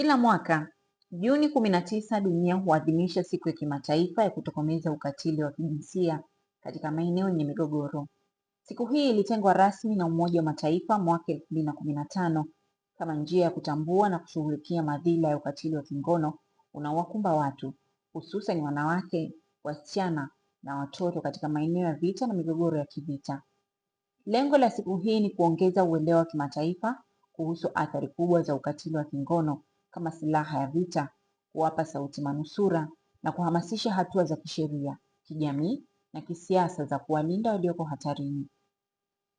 Kila mwaka Juni 19 dunia huadhimisha siku ya kimataifa ya kutokomeza ukatili wa kijinsia katika maeneo yenye migogoro. Siku hii ilitengwa rasmi na Umoja wa Mataifa mwaka 2015 kama njia ya kutambua na kushughulikia madhila ya ukatili wa kingono unaowakumba watu hususan wanawake, wasichana na watoto katika maeneo ya vita na migogoro ya kivita. Lengo la siku hii ni kuongeza uelewa wa kimataifa kuhusu athari kubwa za ukatili wa kingono kama silaha ya vita, kuwapa sauti manusura na kuhamasisha hatua za kisheria, kijamii na kisiasa za kuwalinda walioko hatarini.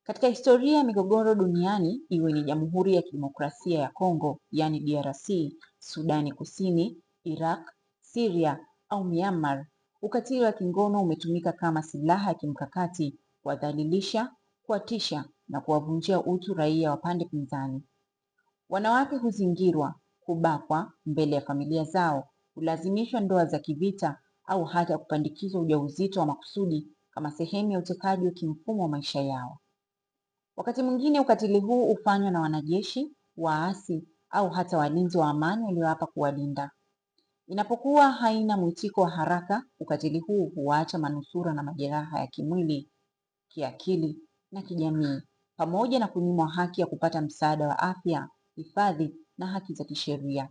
Katika historia ya migogoro duniani, iwe ni Jamhuri ya Kidemokrasia ya Kongo, yani DRC, Sudani Kusini, Iraq, Syria au Myanmar, ukatili wa kingono umetumika kama silaha ya kimkakati kuwadhalilisha, kuwatisha na kuwavunjia utu raia wa pande pinzani. Wanawake huzingirwa, kubakwa mbele ya familia zao, kulazimishwa ndoa za kivita au hata kupandikizwa ujauzito wa makusudi kama sehemu ya utekaji wa kimfumo wa maisha yao. Wakati mwingine ukatili huu hufanywa na wanajeshi, waasi au hata walinzi wa amani walioapa kuwalinda. Inapokuwa haina mwitiko wa haraka, ukatili huu huwaacha manusura na majeraha ya kimwili, kiakili na kijamii, pamoja na kunyimwa haki ya kupata msaada wa afya, hifadhi na haki za kisheria.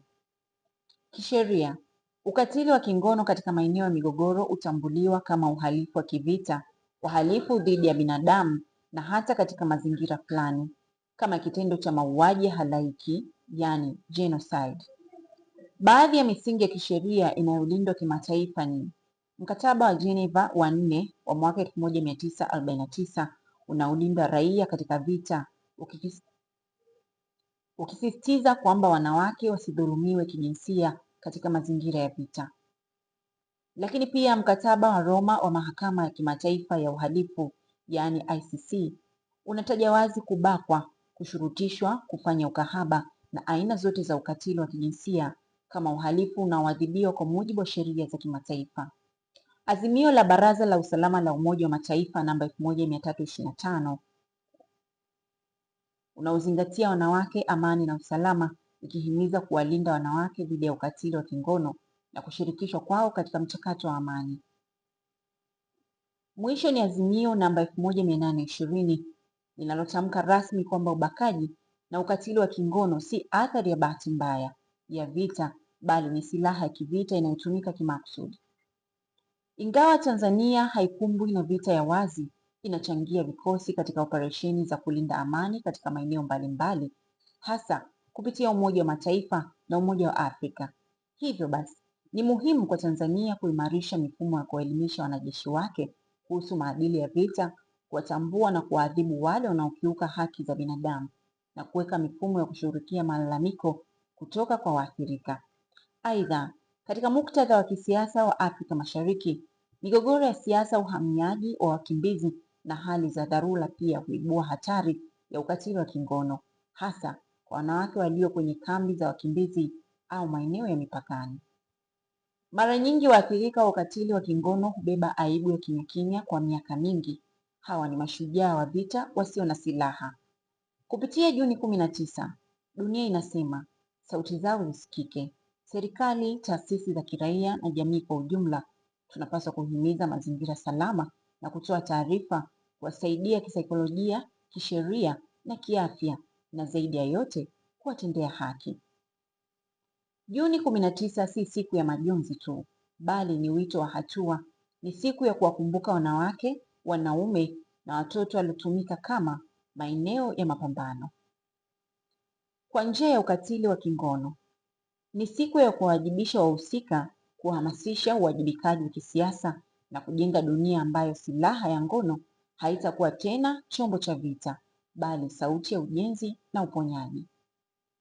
Kisheria, ukatili wa kingono katika maeneo ya migogoro hutambuliwa kama uhalifu wa kivita, uhalifu dhidi ya binadamu na hata katika mazingira fulani kama kitendo cha mauaji halaiki, yani genocide. Baadhi ya misingi ya kisheria inayolindwa kimataifa ni Mkataba wa Geneva wa nne wa mwaka 1949 unaolinda raia katika vita ukisisitiza kwamba wanawake wasidhulumiwe kijinsia katika mazingira ya vita. Lakini pia mkataba wa Roma wa mahakama ya kimataifa ya uhalifu yaani ICC unataja wazi kubakwa, kushurutishwa kufanya ukahaba na aina zote za ukatili wa kijinsia kama uhalifu unaoadhibiwa kwa mujibu wa sheria za kimataifa. Azimio la Baraza la Usalama la Umoja wa Mataifa namba 1325 unaozingatia wanawake, amani na usalama, ikihimiza kuwalinda wanawake dhidi ya ukatili wa kingono na kushirikishwa kwao katika mchakato wa amani. Mwisho ni azimio namba 1820 linalotamka rasmi kwamba ubakaji na ukatili wa kingono si athari ya bahati mbaya ya vita, bali ni silaha ya kivita inayotumika kimakusudi. Ingawa Tanzania haikumbwi na vita ya wazi, inachangia vikosi katika operesheni za kulinda amani katika maeneo mbalimbali hasa kupitia Umoja wa Mataifa na Umoja wa Afrika. Hivyo basi, ni muhimu kwa Tanzania kuimarisha mifumo ya kuwaelimisha wanajeshi wake kuhusu maadili ya vita, kuwatambua na kuwaadhibu wale wanaokiuka haki za binadamu na kuweka mifumo ya kushughulikia malalamiko kutoka kwa waathirika. Aidha, katika muktadha wa kisiasa wa Afrika Mashariki, migogoro ya siasa, uhamiaji wa wakimbizi na hali za dharura pia huibua hatari ya ukatili wa kingono hasa kwa wanawake walio kwenye kambi za wakimbizi au maeneo ya mipakani. Mara nyingi waathirika wa ukatili wa kingono hubeba aibu ya kimyakimya kwa miaka mingi. Hawa ni mashujaa wa vita wasio na silaha. Kupitia Juni kumi na tisa, dunia inasema, sauti zao zisikike. Serikali, taasisi za kiraia na jamii kwa ujumla tunapaswa kuhimiza mazingira salama na kutoa taarifa kuwasaidia kisaikolojia, kisheria na kiafya na zaidi ya yote kuwatendea haki. Juni 19 si siku ya majonzi tu, bali ni wito wa hatua. Ni siku ya kuwakumbuka wanawake, wanaume na watoto waliotumika kama maeneo ya mapambano kwa njia ya ukatili wa kingono. Ni siku ya kuwawajibisha wahusika, kuhamasisha uwajibikaji wa kisiasa na kujenga dunia ambayo silaha ya ngono haitakuwa tena chombo cha vita, bali sauti ya ujenzi na uponyaji.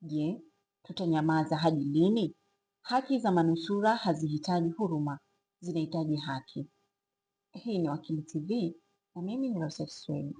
Je, tutanyamaza hadi lini? Haki za manusura hazihitaji huruma, zinahitaji haki. Hii ni Wakili TV na mimi ni Rosette Swedi.